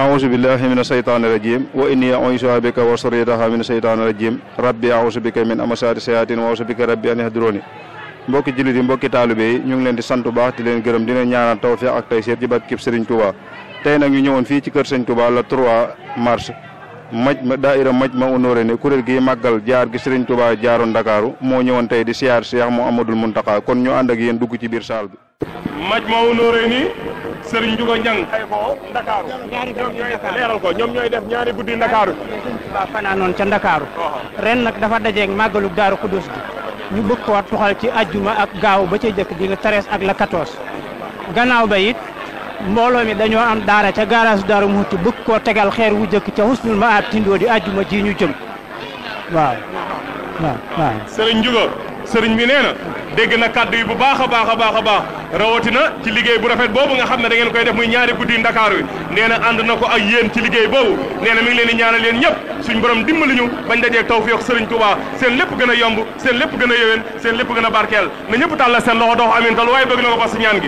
أعوذ بالله من الشيطان الرجيم وإني أعيذها بك وذريتها من الشيطان الرجيم ربي أعوذ بك من همزات الشياطين وأعوذ بك ربي أن يحضرون mbokki jullit yi mbokki taalibe yi ñu ngi leen di sant bu baax di leen gërëm di leen ñaanal tawfeex ak tayseer ci barkeb Sëriñ Tuubaa tey nag ñu ñëwoon fii ci kër Sëriñ Tuubaa le 3 mars maj ma daaira maj ma honoré ne kuréel gi màggal jaar gi Serigne Touba jaaroon Ndakaaru moo ñëwoon tey di siyaar Cheikh Mouhamadoul Mountakha kon ñu ànd ak yéen dugg ci biir saal bi. maj ma honoré ni Serigne Juga Ñang ay ko Ndakaaru leeral ko ñoom ñooy def ñaari guddi Ndakaaru. ba fanaanoon ca Ndakaaru. ren nag dafa dajeeg màggalu Daaru Kudus gi ñu bëgg koo tuxal ci ajjuma ak gaaw ba ca jëkk di la ak la quatorze gannaaw ba mbooloo mi dañoo am daara ca garage Daaru Muxti bëgg koo tegal xeer wu jëkk ca Husnul Maab tindoo di àjjuma ji ñu jëm waaw waaw waaw sëriñ Njuga sëriñ bi nee na dégg na kàddu yi bu baax a baax a baax a baax rawatina ci liggéey bu rafet boobu nga xam ne da ngeen koy def muy ñaari guddi Ndakaar wi nee na ànd na ko ak yéen ci liggéey boobu nee na mi ngi leen ñaanal yéen ñëpp suñ borom dimbali ñu bañ taw dajee tawfiix sëriñ Tuubaa seen lépp gën a yomb seen lépp gën a yéwén seen lépp gën barkeel na ñëpp tàllal seen loxo dox amiin tal waaye bëgg na ko ba ñaan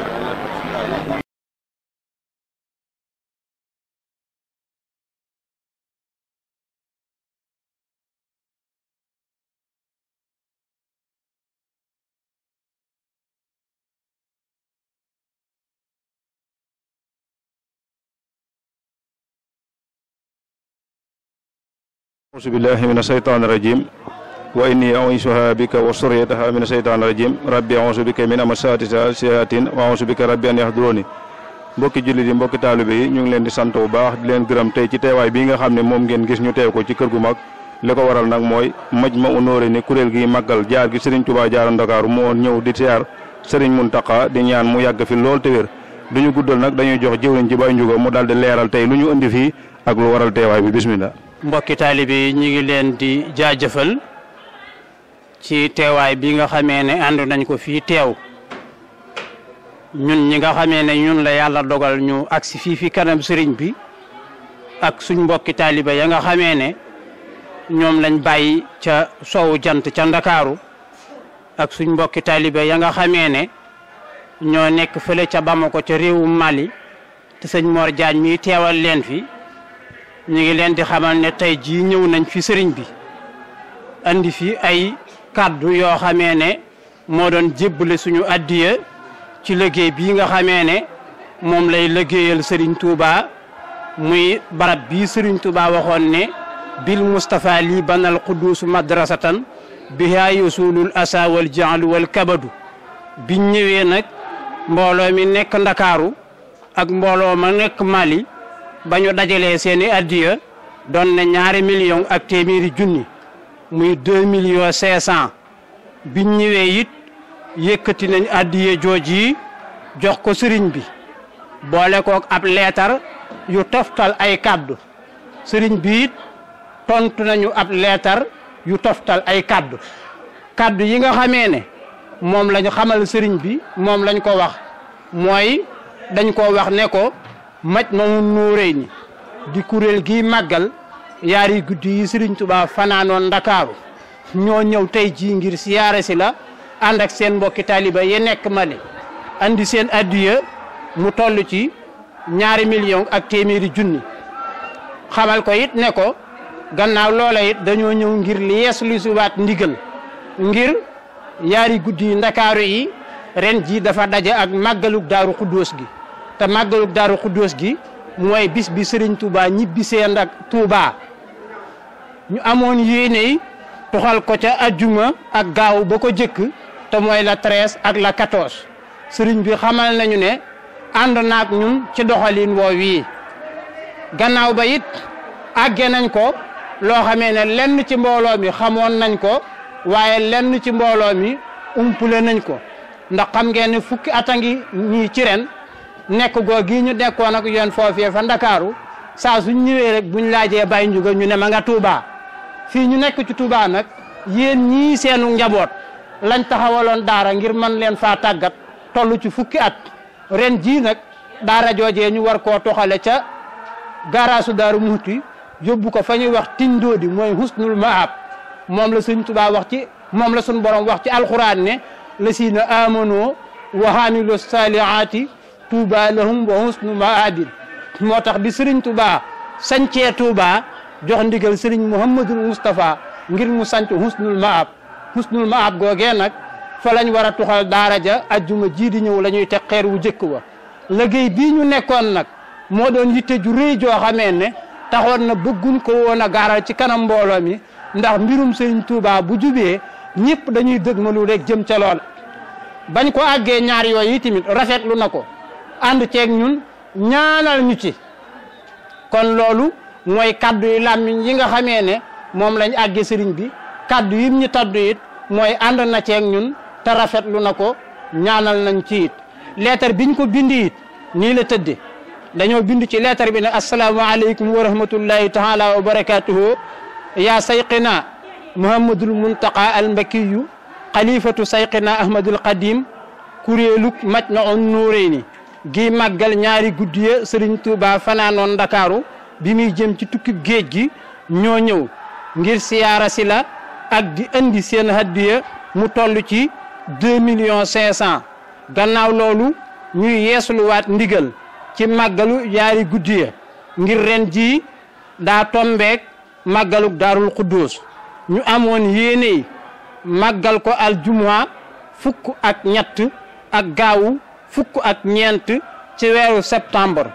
auzu billahi min asheytaan irajim wa inni auzuha bika wa suriyataha min asheytaan irajim rabbi auzu bika mbokki jullit yi mbokki taalibe yi ñu ngi leen di sant bu baax di leen gërëm tey ci teewaay bii nga xam ne moom ngeen gis ñu teew ko ci kër gu mag li ko waral nag mooy ma Majmahun Nurayni kuréel gi maggal jaar gi Serigne Touba jaaroon Ndakaaru moo ñëw di siyaar Serigne Mountakha di ñaan mu yàgg fi lool te wér du ñu guddal nag dañuy jox jëwriñ ci Baye Ndiouga mu daal di leeral tey lu ñu indi fii ak lu waral teewaay bi bismillah mbokki taalibe yi ñu ngi leen di jaajëfal ci teewaay bi nga xamee ne ànd nañ ko fii teew ñun ñi nga xamee ne ñun la yàlla dogal ñu agsi fii fi kanam sëriñ bi ak suñ mbokki taalibe ya nga xamee ne ñoom lañ bàyyi ca sowu jant ca ndakaaru ak suñ mbokki taalibe ya nga xamee ne ñoo nekk fële ca Bamako ca réewum Mali te sëñ Mor Jaañ mi teewal leen fi ñu ngi leen di xamal ne tey jii ñëw nañ fi sëriñ bi andi fi ay kàddu yoo xamee ne moo doon jébbale suñu addiya ci liggéey bi nga xamee ne moom lay liggéeyal sëriñ Touba muy barab bi sëriñ Touba waxoon ne bil Mustafa lii banal quddus madrasatan biha yusulul asa wal jaalu wal kabadu bi ñëwee nag mbooloo mi nekk Ndakaaru ak mbooloo ma nekk Mali ba ñu dajalee seeni i doon na ñaari million ak téeméeri junni muy deux millions cinq cent biñ ñëwee it yëkkati nañu addiya jooj yi jox ko sëriñ bi boole kook ab leetar yu toftal ay kàddu sëriñ bi it tontu nañu ab leetar yu toftal ay kàddu kàddu yi nga xamee ne moom lañu xamal sëriñ bi moom lañ ko wax mooy dañ ko wax ne ko maj mamu nuuree ni di kuréel gi màggal yaari guddi yi sëriñ Tuubaa fanaanoon ndakaaru ñoo ñëw tey jii ngir siyaare si la ànd ak seen mbokki taaliba yi nekk ni andi seen addiya mu toll ci ñaari million ak téeméeri junni xamal ko it ne ko gannaaw loola dañoo ñëw ngir li yees lu suwaat ndigal ngir yaari guddi yi ndakaaru yi ren jii dafa daje ak màggaluk daaru xuddoos gi te màggalug daaru xuddoos gi mooy bis bi sëriñ Touba ñibbisee ak Touba ñu amoon yéeney tuxal ko ca ajjuma ak gaaw ba ko jëkk te mooy la treize ak la quatorze sëriñ bi xamal nañu ne ànd naag ñun ci doxaliin woo wii gannaaw ba it àgge nañ ko loo xamee ne lenn ci mbooloo mi xamoon nañ ko waaye lenn ci mbooloo mi umpule nañ ko ndax xam ngeen fukki at ngi ñii ci ren nekk goo gii ñu nekkoon ak yéen foofee fa ndakaaru saa suñ ñëwee rek buñ laajee bàyyi njuga ñu ne ma nga Touba fii ñu nekk ci Touba nag yéen ñii seenu njaboot lañ taxawaloon daara ngir man leen faa tàggat tollu ci fukki at ren jii nag daara joojee ñu war koo toxale ca garaasu daaru muuti yóbbu ko fa ñuy wax tindoodi mooy husnul maab moom la suñ Touba wax ci moom la suñ boroom wax ci alxuraan ne la siina amanoo wa hamilu saalihaati tuuba lahum wa husnu maadin moo tax bi sëriñ tuuba sancee tuuba jox ndigal sëriñ muhammadul moustapha ngir mu sanc husnul maab husnul maab googee nag fa lañ war a tuxal daara ja ajjuma jii di ñëw la ñuy teg xeer wu jëkk wa liggéey bii ñu nekkoon nag moo doon yitte ju joo xamee ne taxoon na bëgguñ ko woon a gaaral ci kanam mbooloo mi ndax mbirum sëriñ tuuba bu jubee ñëpp dañuy dëgmalu rek jëm ca lool bañ ko àggee ñaar yi tamit rafetlu na ko ànd ceeg ñun ñaanal ñu ci kon loolu mooy kaddu yu làmmiñ yi nga xamee ne moom lañ àgge sëriñ bi kàddu yim ñu taddu it mooy ànd na ceeg ñun te rafetlu na ko ñaanal nañ ci it leetar biñ ko bindi it nii la tëdde dañoo bind ci leetar bi ne assalaamu aleykum wa rahmatullahi taala wa barakatuhu yaa sayqina muhammadul muntaqa al mbakiyu xalifatu sayqina ahmadul qadim kuréeluk maj na on nuuré gi màggal ñaari guddi ya Serigne Touba fanaanoon Ndakaaru bi muy jëm ci tukki géej gi ñoo ñëw ngir siyaara si ak di indi seen haddiya mu toll ci deux millions cinq gannaaw loolu ñuy yeesluwaat ndigal ci màggalu ñaari guddi ya ngir ren ji daa tombeek màggaluk daarul xudduus ñu amoon yéene màggal ko aljumwa fukk ak ñett ak gaawu fukk ak ñeent ci weeru septembre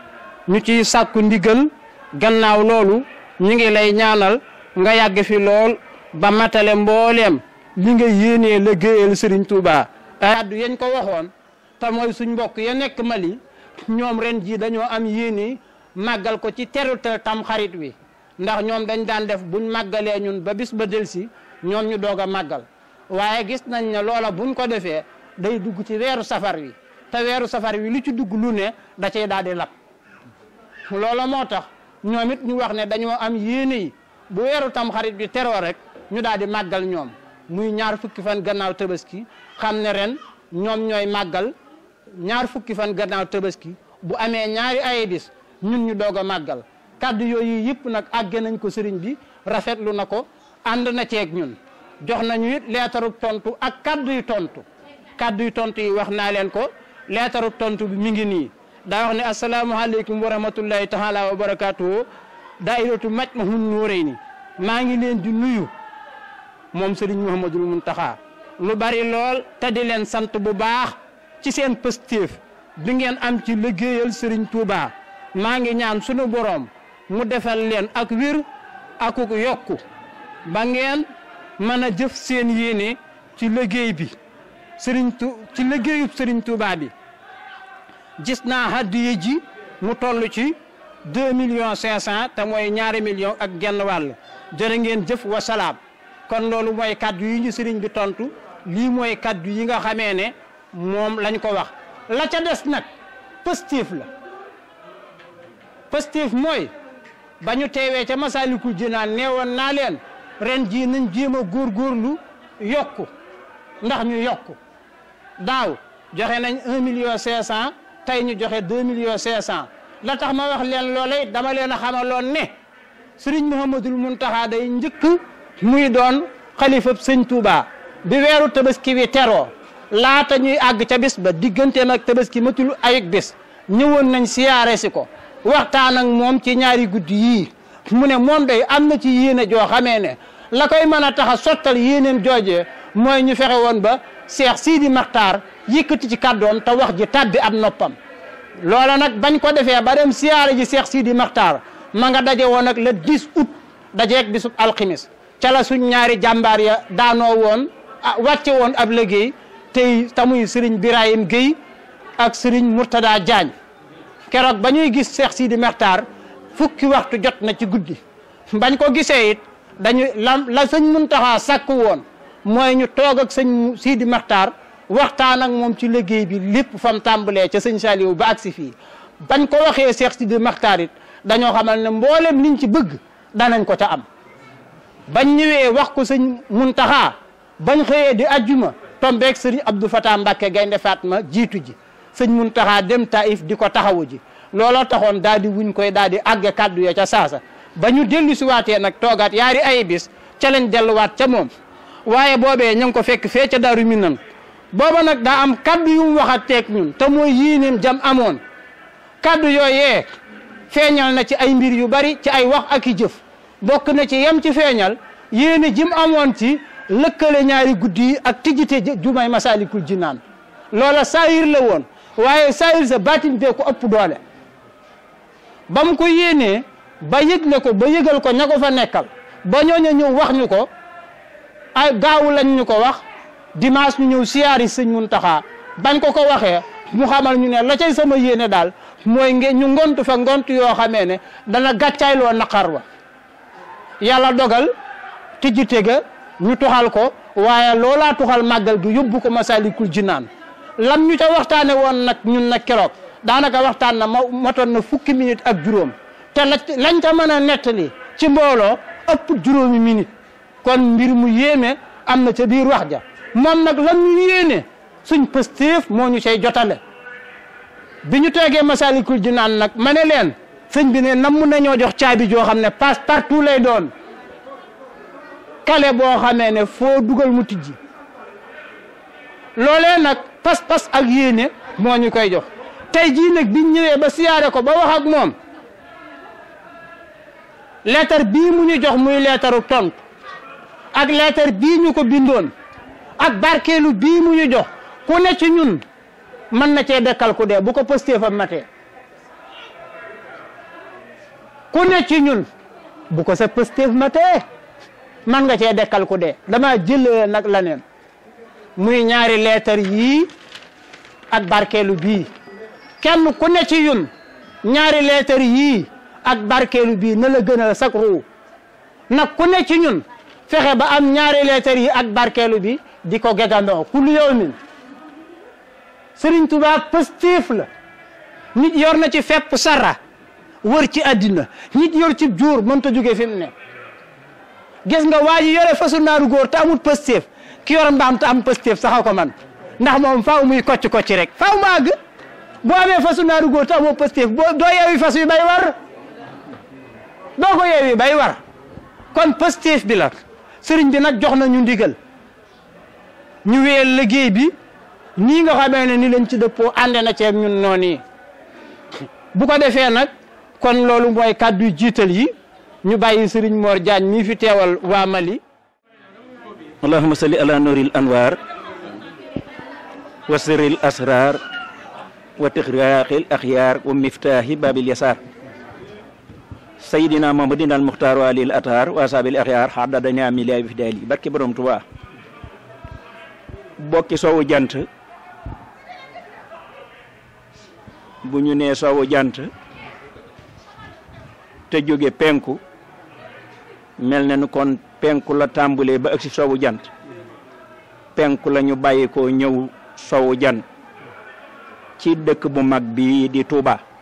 ñu ciy sàkku ndigal gannaaw loolu ñu ngi lay ñaanal nga yàgg fi lool ba matale mbooleem li nga yéenee liggéeyal Serigne Touba. kàddu yañ ko waxoon tam mooy suñ mbokk ya nekk Mali ñoom ren jii dañoo am yéene màggal ko ci teru tam xarit wi ndax ñoom dañ daan def buñ màggalee ñun ba bis ba delsi ñoom ñu doog a màggal waaye gis nañ ne loola buñ ko defee day dugg ci weeru safar wi. te weeru safar wi lu ci dugg lu ne da cay daal di lab moo tax ñoom it ñu wax ne dañoo am yéene yi bu weeru tam xarit bi teroo rek ñu daal di màggal ñoom muy ñaar fukki fan gannaaw tabaski xam ne ren ñoom ñooy màggal ñaar fukki fan gannaaw tabaski bu amee ñaari ay bis ñun ñu doog a màggal kàddu yooyu yëpp nag àgge nañ ko sëriñ bi rafetlu na ko ànd na ceeg ñun jox nañu it leetaru tontu ak kaddu yu tontu kàddu yu tontu yi wax naa leen ko. leetaru tontu bi mi ngi nii daa wax ne asalaamaaleykum wa rahmatullahi taala wa barakaatuhu daairatu Majmahun Nurayni maa ngi leen di nuyu moom sëriñ Muhammadul Muntaxa lu bari lool te di leen sant bu baax ci seen pëstéef bi ngeen am ci liggéeyal sëriñ Touba maa ngi ñaan sunu boroom mu defal leen ak wir akuk yokku ba ngeen mën a jëf seen yéene ci liggéey bi sëriñ tu ci liggéeyub sëriñ Tuubaa bi gis naa hadiya ji mu toll ci deux millions cinq te mooy ñaari millions ak genn wàll jërë ngeen jëf wa salaam kon loolu mooy kaddu yi sëriñ bi tontu lii mooy kaddu yi nga xamee ne moom lañ ko wax la ca des nag positif la positif mooy ba ñu teewee ca Masaalikul Jinaan neewoon naa leen ren ji nañ jéem a góorgóorlu yokk ndax ñu yokk daaw joxe nañ un million cinq cent tey ñu joxe deux million cinq cent la tax ma wax leen loolee dama leen a xamaloon ne sëriñ mun Muntaxa day njëkk muy doon xalifab sëñ Touba bi weeru tabaski wi teroo laata ñuy àgg ca bis ba digganteem ak tabaski matul ayuk bis ñëwoon nañ siyaare si ko waxtaan ak moom ci ñaari guddi yii mu ne moom day am na ci yéene joo xamee ne la koy mën a tax a sottal yéeneen jooje mooy ñu fexe woon ba Cheikh Sidi Maxtaar yëkkati ci kàddoom te wax ji tàbbi ab noppam loola nag bañ ko defee ba dem siyaare ji seex Sidi Maxtaar ma nga daje woon nag le 10 août dajeeg bisub alximis ca la suñ ñaari jàmbaar ya daanoo woon ah wàcce woon ab liggéey tey tamuy sëriñ Birahim Guèye ak Serigne Mourtada Diagne keroog ba ñuy gis Cheikh Sidi Maxtaar fukki waxtu jot na ci guddi bañ ko gisee dañuy la la sëñ Muntaxa sàkku woon mooy ñu toog ak sëñ Sidi Maxtaar waxtaan ak moom ci liggéey bi lépp fam tàmbalee ca sëñ Saliou ba agsi fii bañ ko waxee Cheikh Sidi Maxtaar it dañoo xamal ne mboolem liñ ci bëgg danañ ko ca am bañ ñëwee wax ko sëñ Muntaxa bañ xëyee di ajjuma tombeeg sëriñ Abdou Fatah Mbacke gaynde ma jiitu ji sëñ mun Muntaxa dem Taïf di ko taxawu ji looloo taxoon daal di wuñ koy daal di àgge kàddu ya ca saasa ba ñu dellu si waatee nag toogaat yaari ay bis ca lañ delluwaat ca moom waaye boobee ña ngi ko fekk fee ca daaru mi nan booba nag daa am kaddu yu mu waxat teeg ñun te mooy yiineem jam amoon kàddu yooyee feeñal na ci ay mbir yu bari ci ay wax ak i jëf bokk na ci yem ci feeñal yéene jim amoon ci lëkkale ñaari guddi yi ak tijjite jumay masaalikul naan loola saayir la woon waaye saayir sa baatin bee ko ëpp doole ba mu ko yéenee ba yëgle ko ba yëgal ko ña ko fa nekkal ba ñooñu ñëw wax ñu ko ay gaawu lañ ñu ko wax dimaas ñu ñëw siyaari sëñ Muntaxa bañ ko ko waxee mu xamal ñu ne la cay sama yéene daal mooy nge ñu ngont fa ngont yoo xamee ne dana gàccayloo naqar wa yàlla dogal tijji tega ñu tuxal ko waaye loolaa tuxal màggal gi yóbbu ko Masalikul Jinaan lam ñu ca waxtaane woon nag ñun nag keroog daanaka waxtaan na ma matoon na fukki minute ak juróom te lañ ca mën a nettali ci mbooloo ëpp juróomi minute kon mbir mu yéeme am na ca biir wax ja moom nag lan ñu yéene suñ pëstéef moo ñu cay jotale bi ñu toogee Masaalikul naan nag ma ne leen sëñ bi ne nam mun nañoo jox caabi joo xam ne passe partout lay doon kale boo xamee ne foo dugal mu tijji loole nag pas-pas ak yéene moo ñu koy jox tey jii nag biñ ñëwee ba siyaare ko ba wax ak moom leetar bii mu ñu jox muy leetaru tontu ak leetar bii ñu ko bindoon ak barkeelu bii mu ñu jox ku ne ci ñun mën na cee dekkal ku dee bu ko Pastefam matee ku ne ci ñun bu ko sa Pastef matee mën nga cee dekkal ku dee dama jëlee nag la neen muy ñaari leetar yii ak barkeelu bii kenn ku ne ci ñun ñaari leetar yii ak barkeelu bii na la gënal sak ruu nag ku ne ci ñun fexe ba am ñaari leetar yi ak barkeelu bi di ko gegandoo kullu yawmin Sëriñ Tuubaa positif la nit yor na ci fépp sara wër ci àddina nit yor ci juur mënta jóge fi mu ne gis nga waa ji yore fasu naaru góor te amul positif ki yor mbaam te am positif saxa ko man ndax moom faaw muy kocc kocc rek faaw mu àgg boo amee fasu naaru góor te amoo positif boo doo yeewi fas wi bay war doo ko yeewi bay war kon positif bi la sëriñ bi nag jox nañu ndigal ñu weel liggéey bi nii nga xamee ne ni lañ ci dëppoo ànd na ceeg ñun noonu yi bu ko defee nag kon loolu mooy kàddu jiital yi ñu bàyyi sëriñ Mor Diagne mii fi teewal waa Mali allahumma salli ala nuril wa sirril asrar wa tixraaqil axyaar wa miftaahi baabil yasaar sayidina mamadin al muxtaar wa alil ataar wa saabil axyaar xadda dañaa miliyaay bi fi daal yi barki borom Tuubaa bokki soowu jant bu ñu nee soowu jant te jóge penku mel na ni kon penku la tàmbulee ba agsi soowu jant penku la ñu bàyyi ko ñëw soowu jant ci dëkk bu mag bi di Tuubaa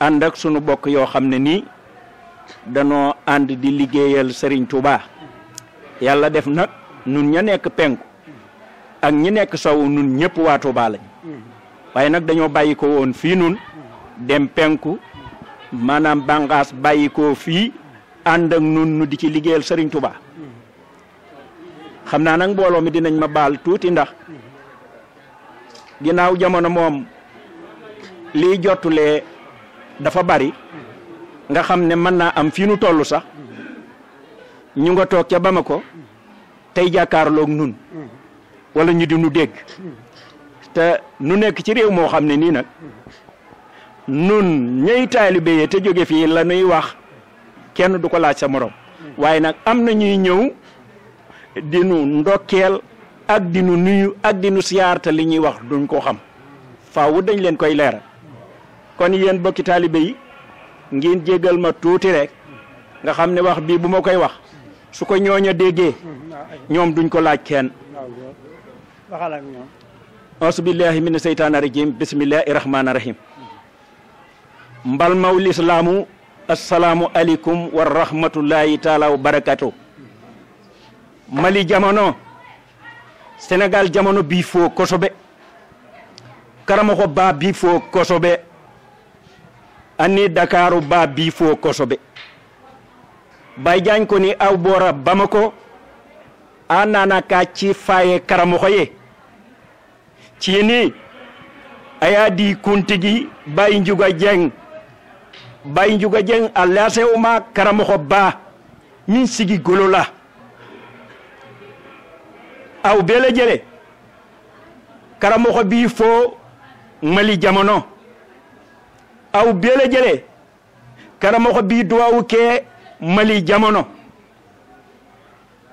ànd ak sunu bokk yoo xam ne nii danoo ànd di liggéeyal sëriñ Touba yàlla def nag nun ña nekk penku ak ñi nekk sowu nun ñëpp waa Touba lañ waaye nag dañoo bàyyi ko woon fii nun dem penku maanaam bànqaas bàyyi ko fii ànd ak nun nu di ci liggéeyal sëriñ tubaa xam naa nag mbooloo mi dinañ ma baal tuuti ndax ginnaaw jamono moom liy jotulee dafa bari nga xam ne mën naa am fi nu toll sax ñu nga toog ca Bamako tey jàkkaarloog nun wala ñu di nu dégg te nu nekk ci réew moo xam ne nii nag nun ñay taalibe yi te jóge fii la nuy wax kenn du ko laaj sa moroom waaye nag am na ñuy ñëw di nu ndokkeel ak di nu nuyu ak di nu siyaar te li ñuy wax duñ ko xam faaw dañ leen koy leeral kon yéen bokki taalibe yi ngeen jéggal ma tuuti rek nga xam ne wax bii bu ma koy wax su ko ñooñ a déggee ñoom duñ ko laaj kenn waxal ak ñoom asubillahi mina seytaani rajim bismillahi rahmaani rahim mbal maw lislaamu assalaamu aleykum wa taala wa barakatu mali jamono sénégal jamono bii fo kosobe karama ko baa bii fo kosobe anni dakaru ba bi fo kosoɓe bay koni aw bora bamako a nana ka ci faye karamoxoye cini aya di kuntigi bay njuga jeng bay njuga jeng a lase uma karamoxo min sigi golola aw bele jele karamoxo bi fo mali jamono aw bele jele karamoxo bi duwawu ke mali jamono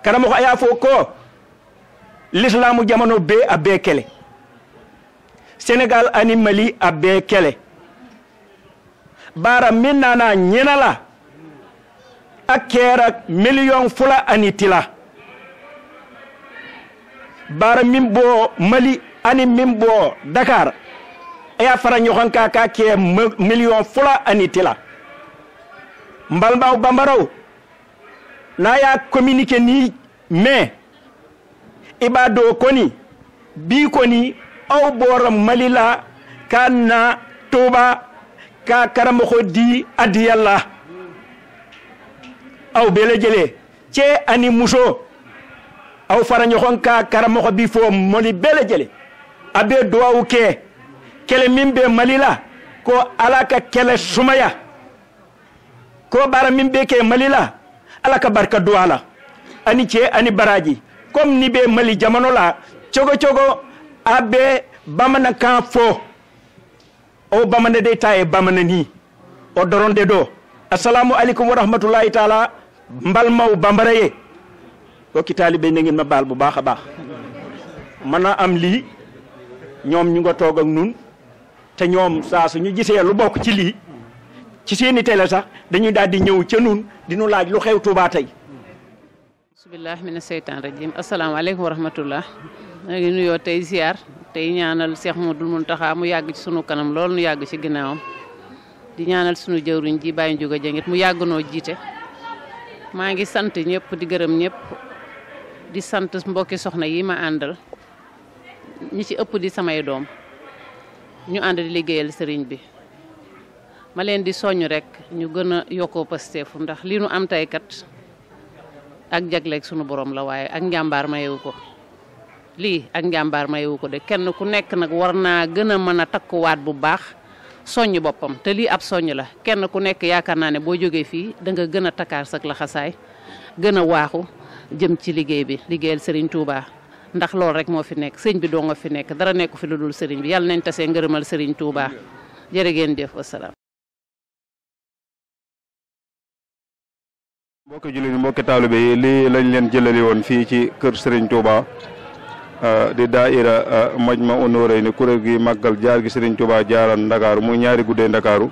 karamoxo a ya fo ko l'islamu jamono be a be kele sénégal ani mali a be kele bara min nana ñenala a kera million fula ani tila bara min bo mali ani min bo dakar e y'a fara ɲɔgɔn kan k'a kɛ miliyɔn fila ani tila n balimaw banbaraw n'a y'a communiqué ni mɛn i b'a dɔn kɔni bi kɔni aw bɔra mali k'a na toba k'a karamɔgɔ di adiya la aw bɛɛ lajɛlen cɛ ani muso aw fara ɲɔgɔn kan karamɔgɔ bi fɔ mɔni bɛɛ lajɛlen a bɛ dugawu kɛ kɛlɛ min bɛ mali la ko ala ka kɛlɛ sumaya ko baara min bɛ kɛ mali la ala ka barika don la ani cɛ ani baraji comme ni bɛ mali jamana la cogo cogo a bɛ bamanankan fɔ o bamanaden ta ye bamanani o dɔrɔn de don assalamu alaikum warahmatullahi taala n balimaw ye ko kitaali be na ma baal bu baax a baax am lii ñoom ñu nga toog nun te ñoom saa su ñu jisee lu bokk ci lii ci seeni télé sax dañuy daal di ñëw ca nun dinu laaj lu xew Touba tey. mi mina seytaan rajim asalaamaaleykum wa rahmatullah maa ngi nuyoo tey ziar tey ñaanal Seex Mudul Muntaxa mu yàgg ci sunu kanam lool nu yàgg ci ginnaawam di ñaanal sunu jëwriñ ji bàyyi njuga jëngit mu yàgg noo jiite. maa ngi sant ñëpp di gërëm ñëpp di sant mbokki soxna yi ma àndal ñi ci ëpp di samay doom. ñu ànd liggéeyal sëriñ bi ma leen di soññ rekk ñu gën a yokkoo pasteefu ndax li nu am tey kat ak jagleeg sunu boroom la waaye ak njàmbaar mayewu ko lii ak njàmbaar mayewu ko de kenn ku nekk nag war naa gën a mën a takkuwaat bu baax soññ boppam te lii ab soññ la kenn ku nekk yaakaar naa ne boo jógee fii da nga gën a takkaar sak laxasaay gën a waaxu jëm ci liggéey bi liggéeyal sëriñ Touba. ndax loolu rek moo fi nekk sëñ bi doo nga fi nekk dara nekku fi lu dul sëriñ bi yàlla nañ tasee ngërëmal sëriñ Touba jërë ngeen jëf wasalaam. mbokki jullit yi mbokki taalibe yi lañ leen jëlali woon fii ci kër sëriñ Touba euh, di daaira euh, Majmahun Nurayni kuréel gi màggal jaar gi sëriñ Touba jaaran ndakaaru mu ñaari guddee ndakaaru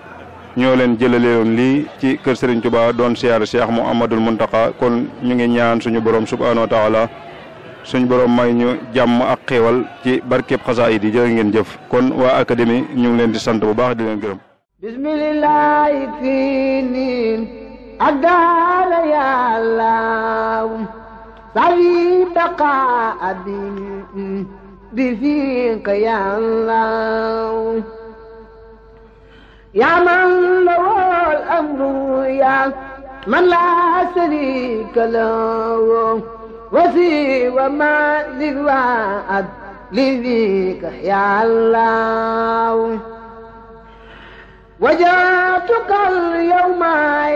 ñoo leen jëlale woon lii ci kër sëriñ Touba doon siyaar mu Mouhamadul Mountakha kon ñu ngi ñaan suñu boroom subhaanahu wa suñ boroom may ñu jàmm ak xéewal ci barkeb xasaayid yi jërë ngeen jëf kon waa académie ñu ngi leen di sant bu baax di leen gërëm bismillahi fiinin ak daala yàllaw safi baqa abi bi fiq yàllaw yaa man lawol amru yaa man laa sharika lahu وفي وما للوعد لذيك يا الله وجاتك اليوم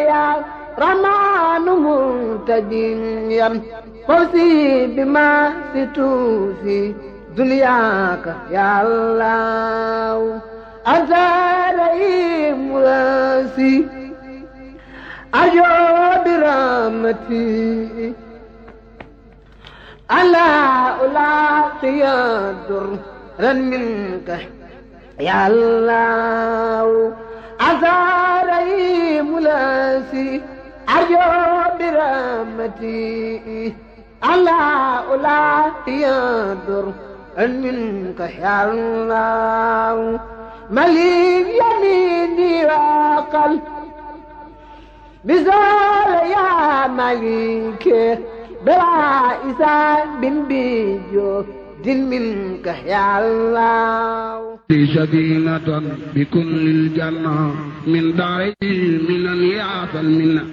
يا رمان منتديا فوزي بما ستوفي دنياك يا الله أنت رئيم راسي أجو برامتي ألا ألاقي درا منك يا الله أزاري ملاسي أرجو برحمتي ألا ألاقي درا منك يا الله مليك يميني وقلبي بزال يا مليكي بلا إسان بن بيجو دل منك يا الله لي سكينة بكل الجنة من داري من يعفى المنة